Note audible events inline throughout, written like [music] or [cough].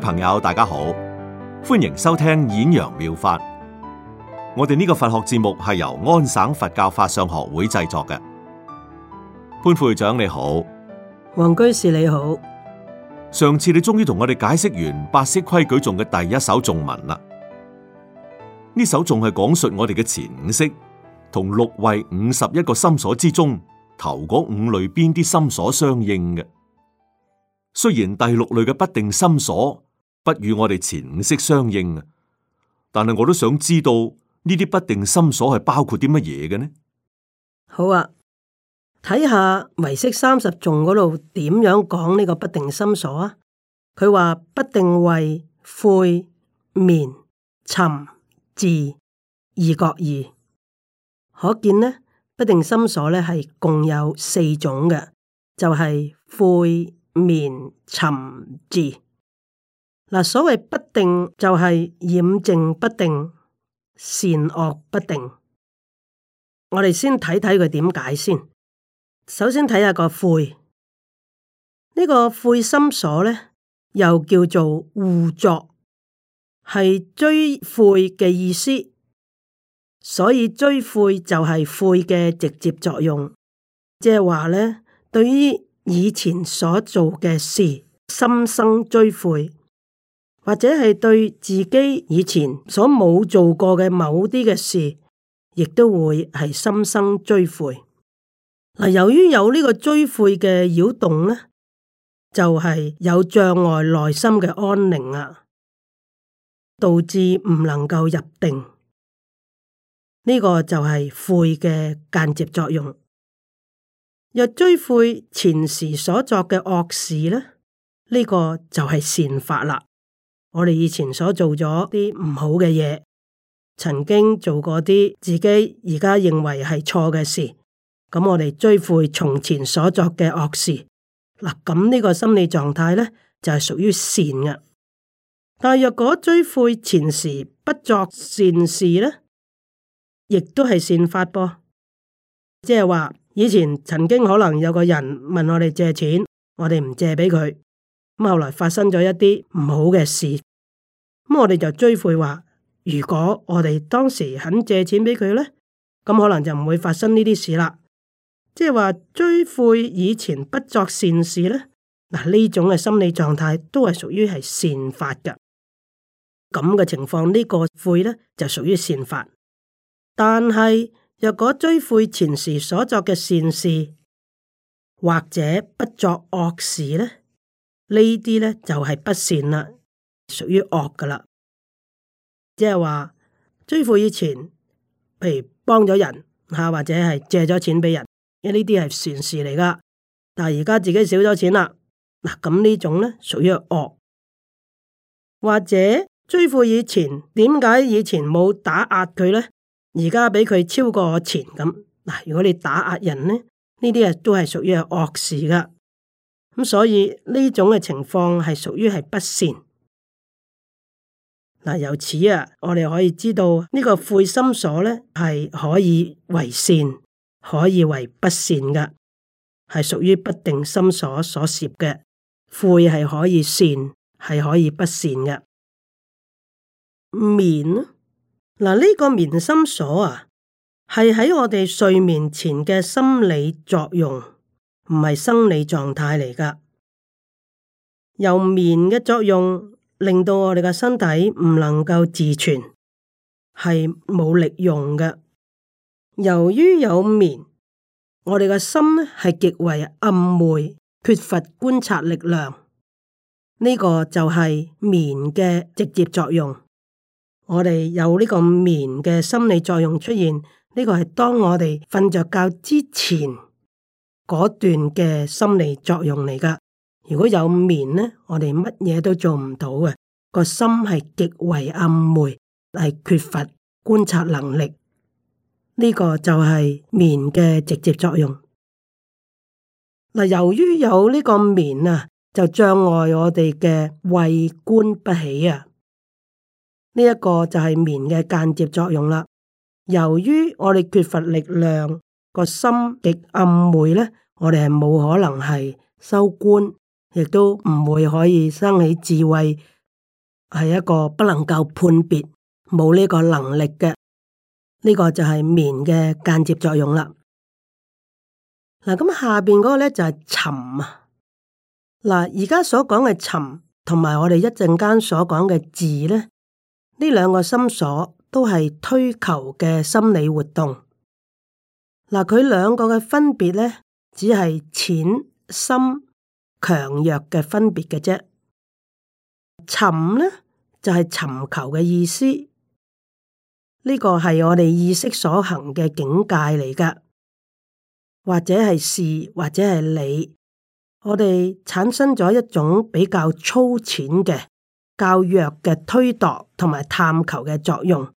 朋友，大家好，歡迎收聽《演揚妙、妙法》。我哋呢個佛學節目係由安省佛教法相學會製作嘅。潘副會長你好，黃居士你好。上次你終於同我哋解釋完八識規矩頌嘅第一首頌文啦。呢首仲係講述我哋嘅前五識，同六位五十一個心所之中頭嗰五類邊啲心所相應嘅。雖然第六類嘅不定心所，不與我哋前五識相應，但係我都想知道呢啲不定心所係包括啲乜嘢嘅呢？好啊，睇下《唯識三十頌》嗰度點樣講呢個不定心所啊？佢話不定謂悔、眠、尋、伺二各二，可見呢不定心所呢係共有四種嘅，就係、是、悔、眠、尋、伺。嗱，所謂不定就係染淨不定、善惡不定。我哋先睇睇佢點解先。首先睇下個悔，呢個悔心所咧，又叫做惡作，係追悔嘅意思。所以追悔就係悔嘅直接作用，即係話咧，對於以前所做嘅事，心生追悔。或者係對自己以前所冇做過嘅某啲嘅事，亦都會係心生追悔。嗱，由於有呢個追悔嘅擾動呢，就係有障礙內心嘅安寧啊，導致唔能夠入定。呢個就係悔嘅間接作用。若追悔前時所作嘅惡事呢，呢個就係善法啦。我哋以前所做咗啲唔好嘅嘢，曾經做過啲自己而家認為係錯嘅事，咁我哋追悔從前所作嘅惡事，嗱，咁呢個心理狀態咧就係屬於善嘅。但若果追悔前時不作善事咧，亦都係善法噃。即係話以前曾經可能有個人問我哋借錢，我哋唔借俾佢。咁後來發生咗一啲唔好嘅事，咁我哋就追悔話：如果我哋當時肯借錢俾佢咧，咁可能就唔會發生呢啲事啦。即係話追悔以前不作善事咧，嗱呢種嘅心理狀態都係屬於係善法嘅。咁嘅情況呢，呢個悔咧就屬於善法，但係若果追悔前時所作嘅善事，或者不作惡事咧？呢啲咧就係不善啦，屬於惡噶啦。即係話追悔以前，譬如幫咗人吓，或者係借咗錢俾人，因呢啲係善事嚟噶。但係而家自己少咗錢啦，嗱咁呢種咧屬於惡。或者追悔以前，點解以前冇打壓佢咧？而家俾佢超過錢咁嗱。如果你打壓人咧，呢啲啊都係屬於惡事噶。咁所以呢種嘅情況係屬於係不善。嗱，由此啊，我哋可以知道呢、這個悔心所咧係可以為善，可以為不善嘅，係屬於不定心所所攝嘅悔係可以善，係可以不善嘅。眠，嗱呢個眠心所啊，係喺我哋睡眠前嘅心理作用。唔係生理狀態嚟㗎，由眠嘅作用令到我哋嘅身體唔能夠自存，係冇力用嘅。由於有眠，我哋嘅心咧係極為暗昧，缺乏觀察力量。呢、這個就係眠嘅直接作用。我哋有呢個眠嘅心理作用出現，呢、這個係當我哋瞓着覺之前嗰段嘅心理作用嚟㗎，如果有眠呢，我哋乜嘢都做唔到嘅，個心係極為暗昧，係缺乏觀察能力，呢、這個就係眠嘅直接作用。嗱，由於有呢個眠啊，就障礙我哋嘅慧觀不起啊，呢、這、一個就係眠嘅間接作用啦。由於我哋缺乏力量。個心極暗昧咧，我哋係冇可能係收官，亦都唔會可以生起智慧，係一個不能夠判別，冇呢個能力嘅，呢個就係眠嘅間接作用啦。嗱，咁下邊嗰個咧就係沉啊。嗱，而家所講嘅沉同埋我哋一陣間所講嘅字咧，呢兩個心所都係推求嘅心理活動。嗱，佢兩個嘅分別咧，只係淺深、強弱嘅分別嘅啫。尋咧就係、是、尋求嘅意思，呢、這個係我哋意識所行嘅境界嚟噶，或者係事，或者係理。我哋產生咗一種比較粗淺嘅、較弱嘅推度同埋探求嘅作用，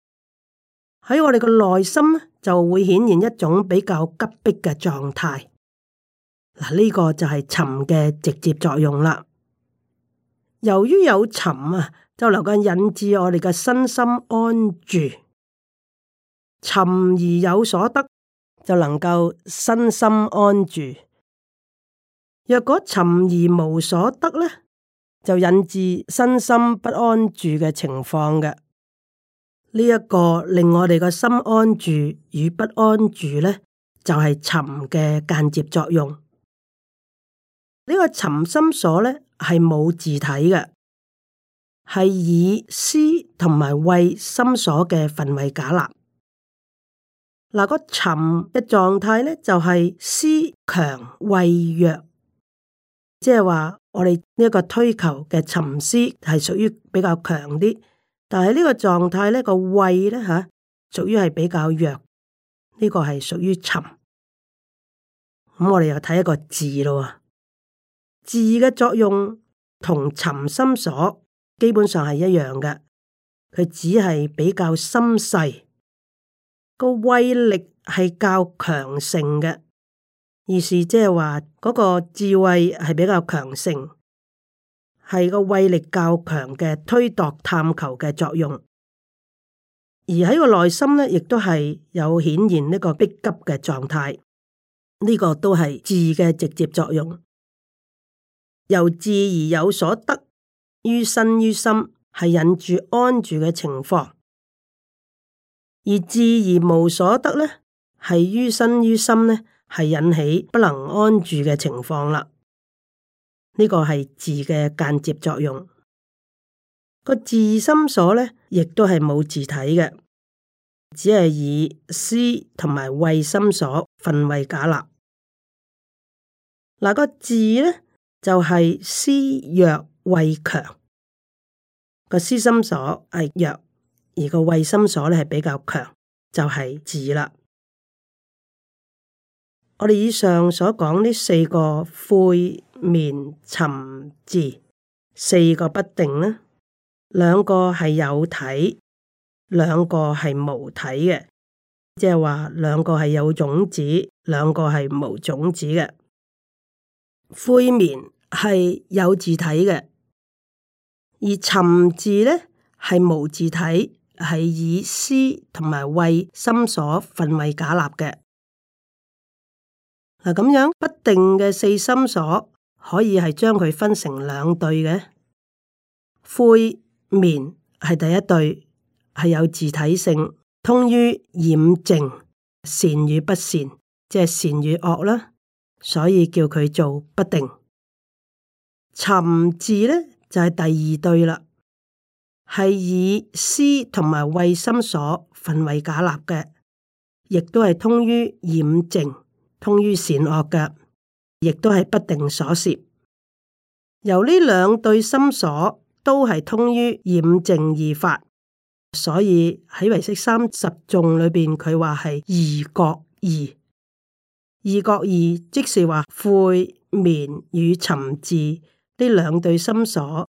喺我哋嘅內心咧就會顯現一種比較急迫嘅狀態。嗱，呢個就係尋嘅直接作用啦。由於有尋啊，就能夠引致我哋嘅身心安住。尋而有所得，就能夠身心安住。若果尋而無所得呢，就引致身心不安住嘅情況嘅。呢一個令我哋個心安住與不安住呢，就係、是、尋嘅間接作用。呢、這個尋心所呢，係冇自體嘅，係以思同埋慧心所嘅分位假立。嗱、那個尋嘅狀態呢，就係、是、思強慧弱，即係話我哋呢一個推求嘅尋思係屬於比較強啲。但係呢個狀態呢個胃呢，吓，屬於係比較弱，呢、這個係屬於尋。咁我哋又睇一個伺咯。伺嘅作用同尋心所基本上係一樣嘅，佢只係比較深細，個威力係較強盛嘅，意思即係話嗰個智慧係比較強盛。係個威力較強嘅推度探求嘅作用，而喺個內心呢，亦都係有顯現呢個逼急嘅狀態。呢、這個都係智嘅直接作用，由智而有所得於身於心，係引住安住嘅情況；而智而無所得呢，係於身於心呢，係引起不能安住嘅情況啦。呢個係伺嘅間接作用。個伺心所咧，亦都係冇自體嘅，只係以思同埋慧心所分位假立。嗱、個伺咧就係、是、思弱慧強，個思心所係弱，而個慧心所咧係比較強，就係、是、伺啦。我哋以上所講呢四個悔眠尋伺四個不定呢？兩個係有體，兩個係無體嘅，即係話兩個係有種子，兩個係無種子嘅。悔眠係有自體嘅，而尋伺呢，係無自體，係以思同埋慧心所分位假立嘅。嗱咁樣不定嘅四心所。可以係將佢分成兩對嘅，悔眠係第一對，係有自體性，通於染淨善與不善，即係善與惡啦，所以叫佢做不定。尋伺咧就係、是、第二對啦，係以思同埋慧心所分位假立嘅，亦都係通於染淨，通於善惡嘅。亦都係不定所涉，由呢兩對心所都係通於染淨二法，所以喺唯識三十頌裏邊，佢話係二各二。二各二，即是話悔眠與尋伺呢兩對心所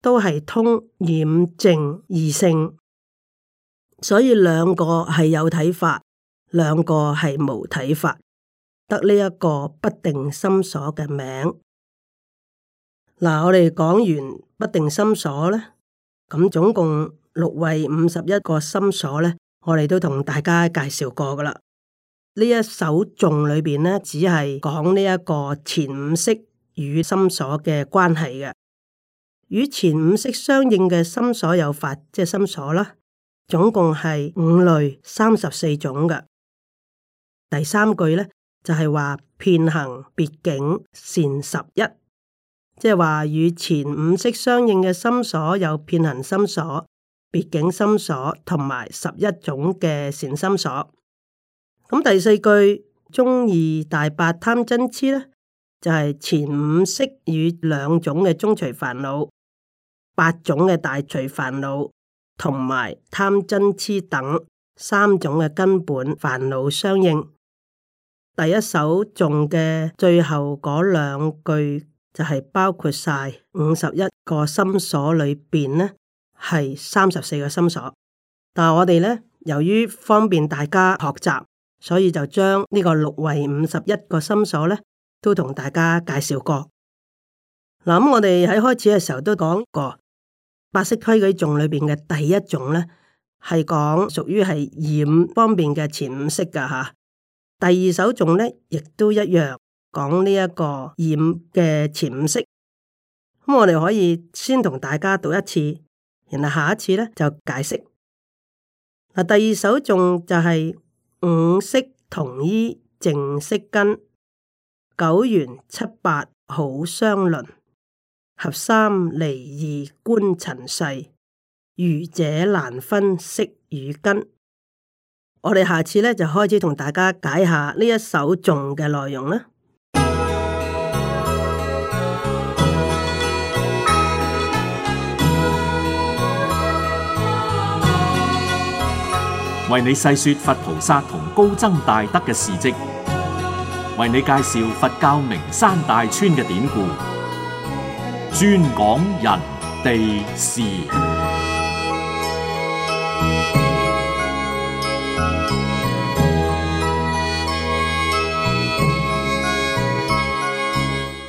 都係通染淨二性，所以兩個係有體法，兩個係冇體法。得呢一個不定心所嘅名，嗱，我哋講完不定心所咧，咁總共六位五十一個心所咧，我哋都同大家介紹過噶啦。呢一首頌裏邊咧，只係講呢一個前五識與心所嘅關係嘅，與前五識相應嘅心所有法，即係心所啦，總共係五類三十四種嘅。第三句咧。就係話遍行別境善十一，即係話與前五識相應嘅心所，有遍行心所、別境心所同埋十一種嘅善心所。咁第四句中二大八貪嗔痴呢，就係、是、前五識與兩種嘅中隨煩惱、八種嘅大隨煩惱同埋貪嗔痴等三種嘅根本煩惱相應。第一首頌嘅最後嗰兩句就係包括晒五十一個心所裏面呢，呢係三十四個心所。但我哋呢，由於方便大家學習，所以就將呢個六位五十一個心所呢，都同大家介紹過。嗱、嗯、我哋喺開始嘅時候都講過，八識規矩頌裏邊嘅第一種呢，係講屬於係染方面嘅前五識噶吓。哈第二首頌呢，亦都一樣講呢一個染嘅前五識。咁、嗯、我哋可以先同大家讀一次，然後下一次呢，就解釋。嗱，第二首頌就係、是、五識同依，淨色根，九緣七八好相鄰，合三離二觀塵世，愚者難分識與根。我哋下次咧就開始同大家解，解下呢一首頌嘅內容啦。為你細說佛菩薩同高僧大德嘅事跡，為你介紹佛教名山大川嘅典故，專講人地事。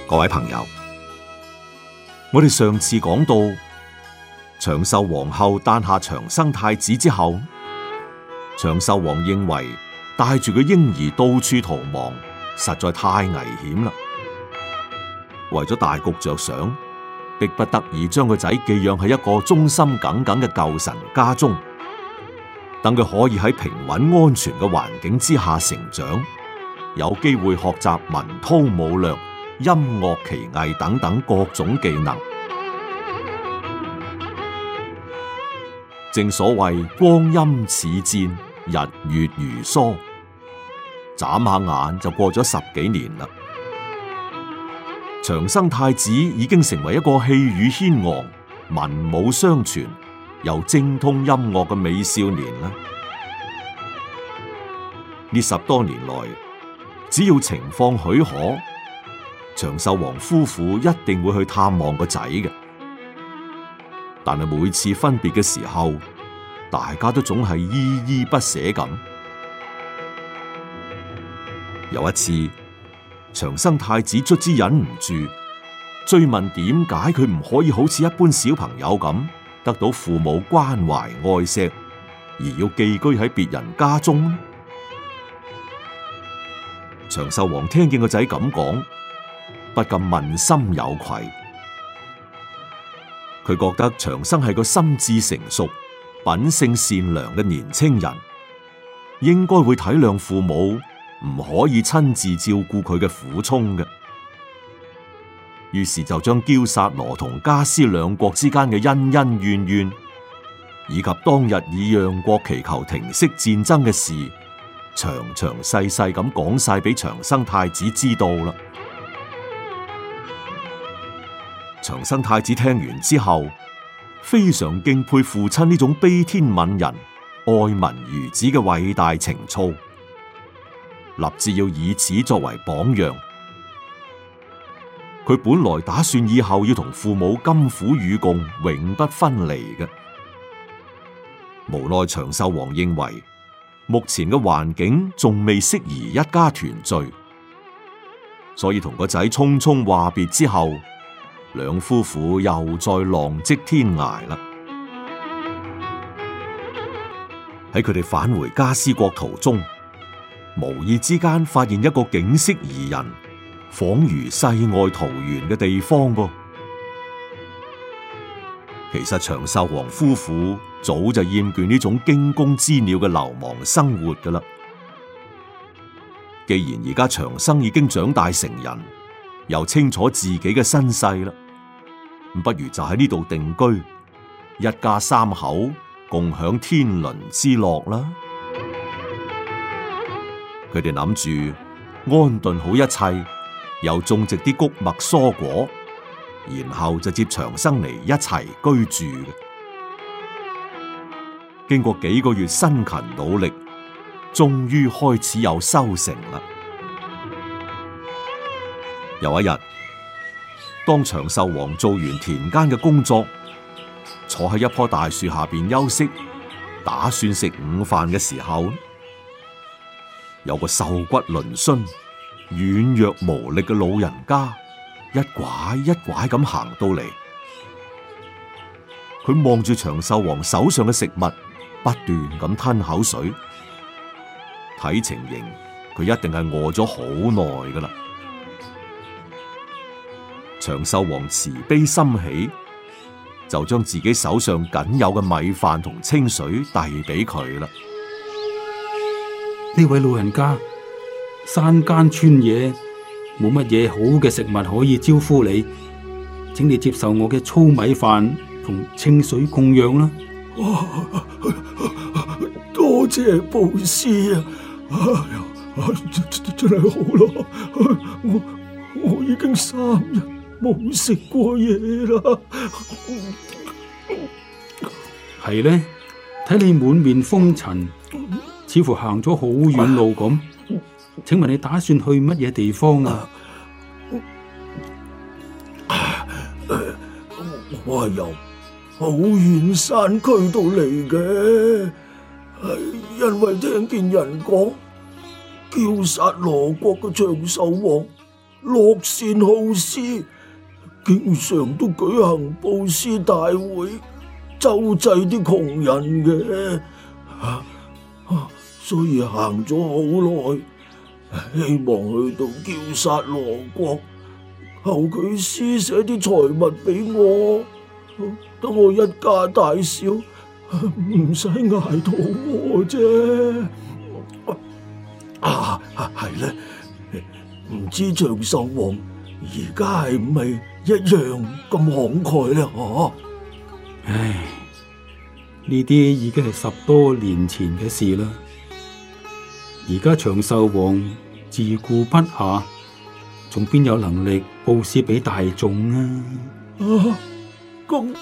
各位朋友，我哋上次講到長壽皇后誕下長生太子之後，長壽王認為帶住個嬰兒到處逃亡實在太危險啦，為咗大局着想，迫不得已將個仔寄養喺一個忠心耿耿嘅舊臣家中，等佢可以喺平穩安全嘅環境之下成長，有機會學習文韜武略音樂奇藝等等各種技能。正所謂光陰似箭，日月如梭，眨下眼就過咗十幾年啦。長生太子已經成為一個氣宇軒昂、文武雙全、又精通音樂嘅美少年啦。呢十多年來，只要情況許可。長壽王夫婦一定會去探望個仔嘅，但係每次分別嘅時候，大家都總係依依不捨咁。有一次，長生太子卒之忍唔住追問點解佢唔可以好似一般小朋友咁，得到父母關懷愛錫，而要寄居喺別人家中？長壽王聽見個仔咁講。不禁問心有愧，佢覺得長生係個心智成熟、品性善良嘅年輕人，應該會體諒父母唔可以親自照顧佢嘅苦衷嘅。於是就將憍薩羅同加斯兩國之間嘅恩恩怨怨，以及當日以讓國祈求停息戰爭嘅事，詳詳細細咁講晒俾長生太子知道啦。長生太子聽完之後，非常敬佩父親呢種悲天憫人、愛民如子嘅偉大情操，立志要以此作為榜樣。佢本來打算以後要同父母甘苦與共、永不分離嘅，無奈長壽王認為目前嘅環境仲未適宜一家團聚，所以同個仔匆匆話別之後。兩夫婦又再浪跡天涯啦！喺佢哋返回迦尸國途中，無意之間發現一個景色宜人、恍如世外桃源嘅地方噃。其實長壽王夫婦早就厭倦呢種驚弓之鳥嘅流亡生活噶啦。既然而家長生已經長大成人，又清楚自己嘅身世啦。不如就喺呢度定居，一家三口共享天倫之樂啦。佢哋諗住安頓好一切，又種植啲谷物蔬果，然後就接長生嚟一齊居住嘅。經過幾個月辛勤努力，終於開始有收成啦。有一日。當長壽王做完田間嘅工作，坐喺一棵大樹下面休息，打算食午飯嘅時候，有個瘦骨嶙峋、軟弱無力嘅老人家，一拐一拐咁行到嚟。佢望住長壽王手上嘅食物，不斷咁吞口水。睇情形，佢一定係餓咗好耐㗎喇。長壽王慈悲心起，就將自己手上僅有嘅米飯同清水遞俾佢啦。呢位老人家，山間村野冇乜嘢好嘅食物可以招呼你，請你接受我嘅粗米飯同清水供養啦。多謝布施啊！哎呀，真真係好啦，我我已經三日。冇食過嘢啦，係 [laughs] 咧， [laughs] [laughs] 睇你滿面風塵，似乎行咗好遠路咁。請問你打算去乜嘢地方啊？ [laughs] 哎、我係由好遠山區度嚟嘅，係、哎、因為聽見人講，叫殺羅國嘅長壽王，樂善好施。經常都舉行布施大會，周濟啲窮人嘅、啊啊，所以行咗好耐，希望去到叫殺羅國，求佢施捨啲財物俾我，等、啊、我一家大小唔使挨肚餓啫。啊啊係咧，唔、啊、知長壽王。而家係唔係一樣咁慷慨咧？嗬！唉，呢啲已經係十多年前嘅事啦。而家長壽王自顧不下，仲邊有能力布施俾大眾啊？啊，咁，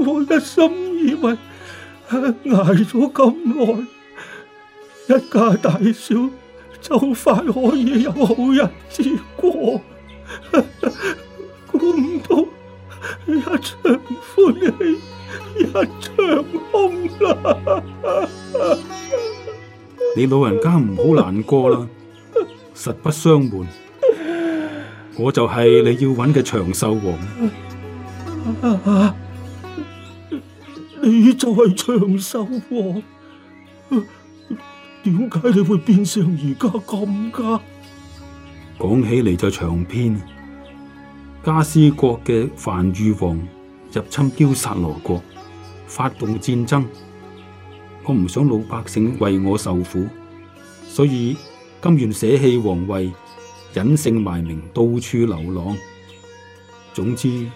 我一心以為。捱咗咁耐，一家大小就快可以有好日子過，估 [laughs] 唔到一場歡喜一場空啦！ [laughs] 你老人家唔好難過啦，實不相瞞，我就係你要搵嘅長壽王。 [laughs] 你就係長壽王？點 [laughs] 解你會變成而家咁噶？講起嚟就長篇。迦尸國嘅梵豫王入侵憍薩羅國，發動戰爭。我唔想老百姓為我受苦，所以甘願捨棄皇位，隱姓埋名，到處流浪。總之，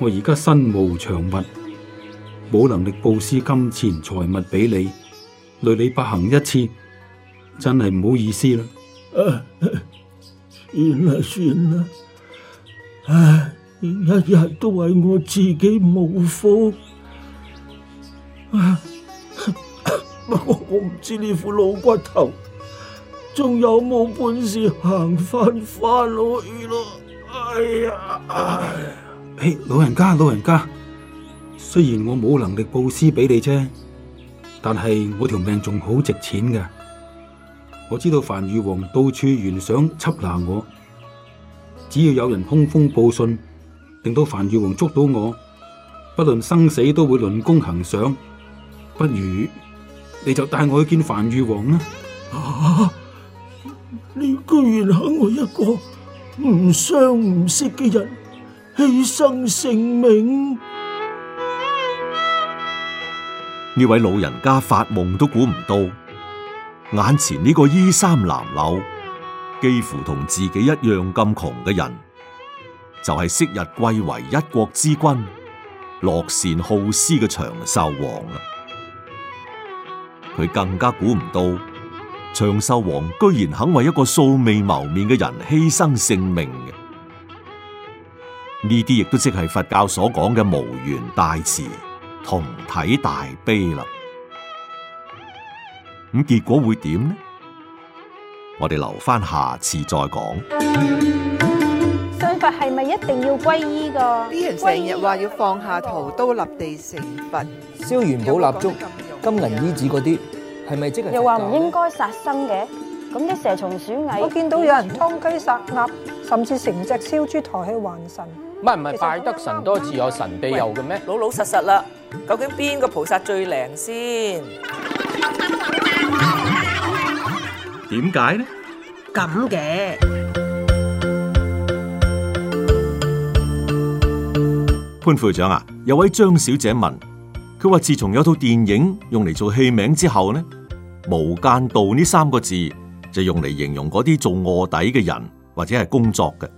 我而家身無長物。冇能力布施金錢財物俾你，累你不行一次，真係唔好意思啦、啊。算啦算啦，唉、啊，一日都係我自己冇福。啊啊、不過我唔知呢副老骨頭仲有冇本事行翻翻去咯。哎呀，哎、啊，老人家老人家。雖然我冇能力布施俾你啫，但係我條命仲好值錢噶。我知道樊玉皇到處懸賞緝拿我，只要有人通風報信，令到樊玉皇捉到我，不論生死都會論功行賞。不如你就帶我去見樊玉皇啦、啊。你居然肯為一個唔相唔識嘅人犧牲性命？呢位老人家發夢都估唔到，眼前呢個衣衫襤褸、幾乎同自己一樣咁窮嘅人，就係昔日貴為一國之君、樂善好施嘅長壽王啦。佢更加估唔到，長壽王居然肯為一個素未謀面嘅人犧牲性命嘅。呢啲亦都即係佛教所講嘅無緣大慈。同體大悲啦，咁結果會點呢？我哋留翻下，下次再講。信佛係咪一定要皈依㗎？啲人成日話要放下屠刀立地成佛，燒元寶、蠟燭、金銀衣紙嗰啲，係咪、啊、即係？又話唔應該殺生嘅，咁啲蛇蟲鼠蟻，我見到有人劏雞殺鴨，甚至成隻燒豬抬去還神，唔係唔係拜得神多自有神庇佑嘅咩？老老實實啦。究竟邊個菩薩最靈先？點解呢？咁嘅潘會長啊，有位張小姐問，佢話自從有套電影用嚟做戲名之後呢，無間道呢三個字就用嚟形容嗰啲做臥底嘅人或者係工作嘅。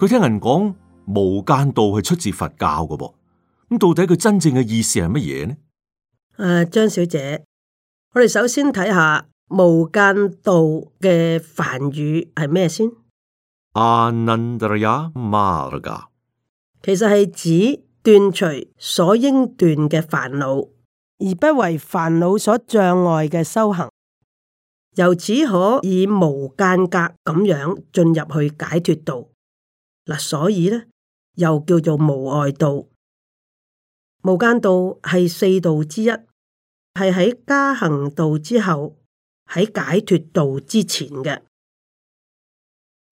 佢聽人講無間道係出自佛教㗎噃。咁到底佢真正嘅意思係乜嘢呢？誒、啊，張小姐，我哋首先睇下無間道嘅梵語係咩先。阿難達雅馬爾嘎，其實係指斷除所應斷嘅煩惱，而不為煩惱所障礙嘅修行，由此可以無間隔咁樣進入去解脱道。嗱，所以咧，又叫做無礙道。無間道係四道之一，係喺加行道之後，喺解脫道之前嘅。《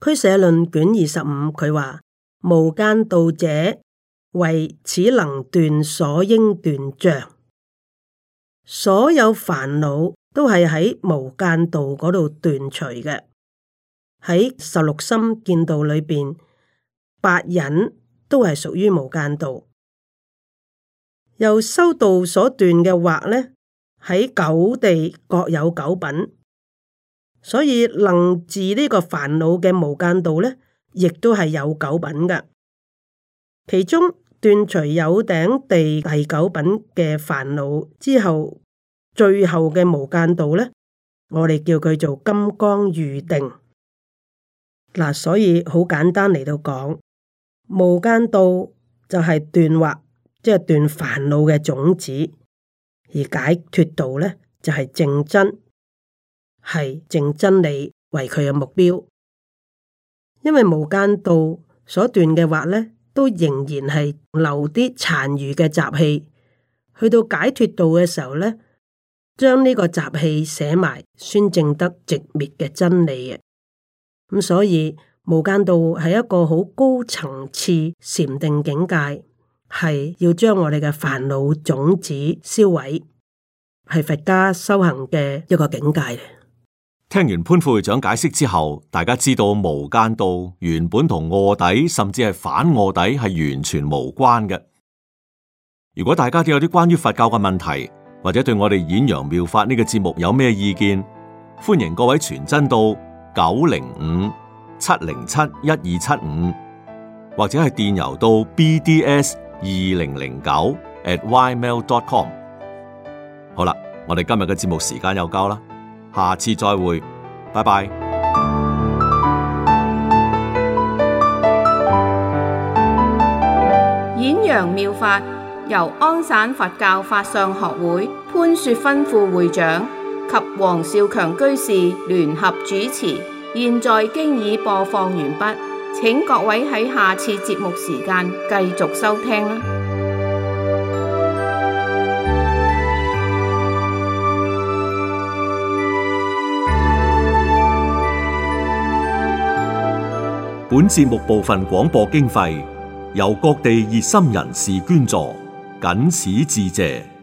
俱舍論》卷二十五佢話：無間道者，為此能斷所應斷障。所有煩惱都係喺無間道嗰度斷除嘅。喺十六心見道裏邊，八忍都係屬於無間道。由修道所斷嘅惑呢，喺九地各有九品。所以，能治呢個煩惱嘅無間道呢，亦都係有九品㗎。其中，斷除有頂地第九品嘅煩惱之後，最後嘅無間道呢，我哋叫佢做金剛喻定。嗱，所以，好簡單嚟到講，無間道就係斷惑。即係斷煩惱嘅種子，而解脫道咧就係、是、正真，係正真理為佢嘅目標。因為無間道所斷嘅話咧，都仍然係留啲殘餘嘅習氣。去到解脫道嘅時候咧，將呢個習氣寫埋，先證得寂滅嘅真理嘅。咁、嗯、所以無間道係一個好高層次禪定境界。係要將我哋嘅煩惱種子銷毀，係佛家修行嘅一個境界。聽完潘副會長解釋之後，大家知道無間道原本同臥底甚至係反臥底係完全無關嘅。如果大家都有啲關於佛教嘅問題，或者對我哋演揚妙法呢個節目有咩意見，歡迎各位傳真到九零五七零七一二七五，75，或者係電郵到 bds。二零零九 at ymail dot com。好啦，我哋今日嘅節目時間又夠啦，下次再會，拜拜。演揚妙法由安省佛教法相學會潘雪芬副會長及黃少強居士聯合主持，現在經已播放完畢。請各位喺下次節目時間繼續收聽啦。本節目部分廣播經費由各地熱心人士捐助，謹此致謝。